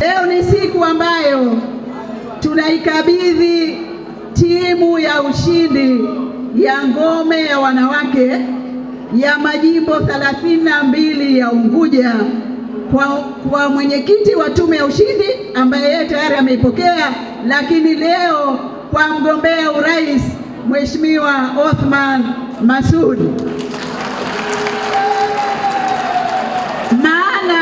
Leo ni siku ambayo tunaikabidhi timu ya ushindi ya ngome ya wanawake ya majimbo 32 ya Unguja kwa, kwa mwenyekiti wa tume ya ushindi ambaye yeye tayari ameipokea, lakini leo kwa mgombea urais Mheshimiwa Othman Masoud. Maana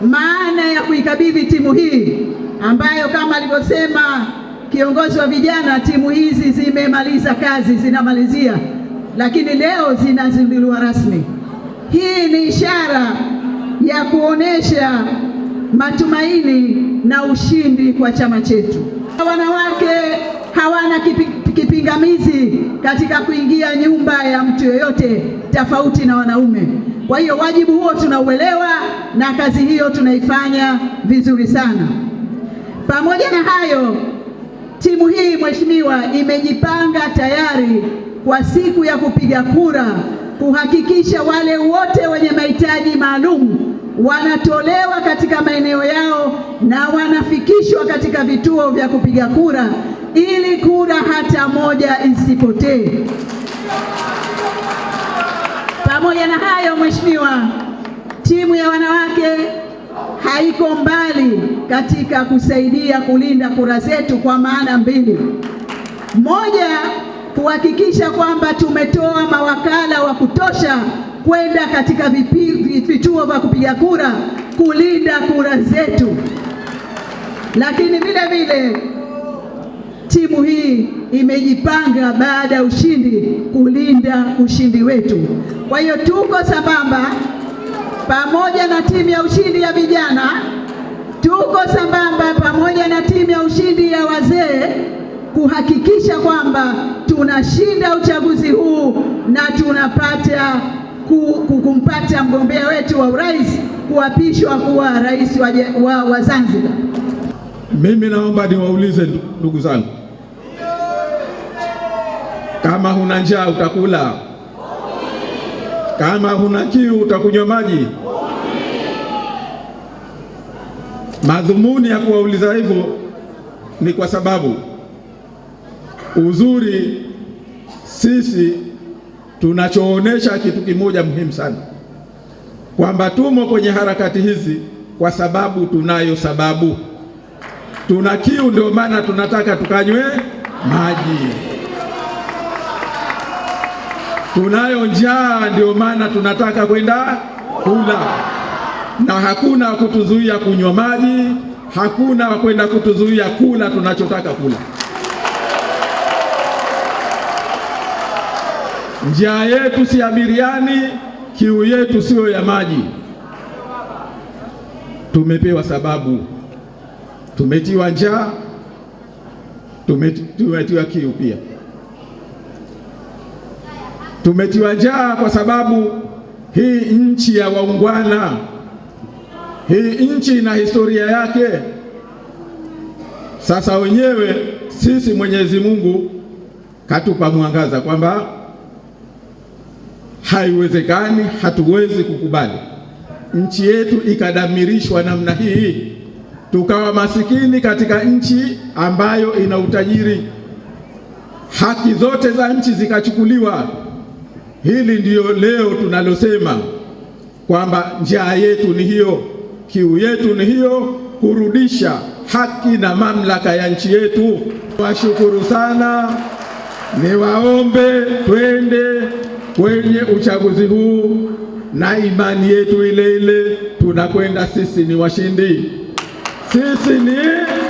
maana ya kuikabidhi timu hii ambayo kama alivyosema kiongozi wa vijana, timu hizi zimemaliza kazi, zinamalizia, lakini leo zinazinduliwa rasmi. Hii ni ishara ya kuonesha matumaini na ushindi kwa chama chetu. Wanawake hawana kipingamizi katika kuingia nyumba ya mtu yoyote tofauti na wanaume. Kwa hiyo wajibu huo tunauelewa na kazi hiyo tunaifanya vizuri sana. Pamoja na hayo, timu hii mheshimiwa, imejipanga tayari kwa siku ya kupiga kura kuhakikisha wale wote wenye mahitaji maalum wanatolewa katika maeneo yao na wanafikishwa katika vituo vya kupiga kura ili kura hata moja isipotee. Pamoja na hayo, mheshimiwa, timu ya wanawake haiko mbali katika kusaidia kulinda kura zetu kwa maana mbili. Moja, kuhakikisha kwamba tumetoa mawakala wa kutosha kwenda katika vituo vya kupiga kura kulinda kura zetu, lakini vile vile timu hii imejipanga baada ya ushindi kulinda ushindi wetu. Kwa hiyo tuko sambamba pamoja na timu ya ushindi ya vijana, tuko sambamba pamoja na timu ya ushindi ya wazee kuhakikisha kwamba tunashinda uchaguzi huu na tunapata kumpata mgombea wetu wa urais kuapishwa kuwa rais wa, wa, wa Zanzibar. Mimi naomba niwaulize ndugu zangu, kama huna njaa utakula? Kama huna kiu utakunywa maji? Madhumuni ya kuwauliza hivyo ni kwa sababu uzuri, sisi tunachoonesha kitu kimoja muhimu sana, kwamba tumo kwenye harakati hizi kwa sababu tunayo sababu, tuna kiu, ndio maana tunataka tukanywe maji, tunayo njaa, ndio maana tunataka kwenda kula na hakuna kutuzuia kunywa maji, hakuna kwenda kutuzuia kula tunachotaka kula. Njaa yetu si ya biriani, kiu yetu siyo ya maji. Tumepewa sababu, tumetiwa njaa, tumetiwa kiu pia. Tumetiwa njaa kwa sababu hii nchi ya waungwana hii nchi ina historia yake. Sasa wenyewe sisi, Mwenyezi Mungu katupa mwangaza kwamba haiwezekani, hatuwezi kukubali nchi yetu ikadamirishwa namna hii, tukawa masikini katika nchi ambayo ina utajiri, haki zote za nchi zikachukuliwa. Hili ndiyo leo tunalosema kwamba njaa yetu ni hiyo. Kiu yetu ni hiyo, kurudisha haki na mamlaka ya nchi yetu. Washukuru sana, niwaombe twende kwenye uchaguzi huu na imani yetu ile ile, tunakwenda sisi ni washindi, sisi ni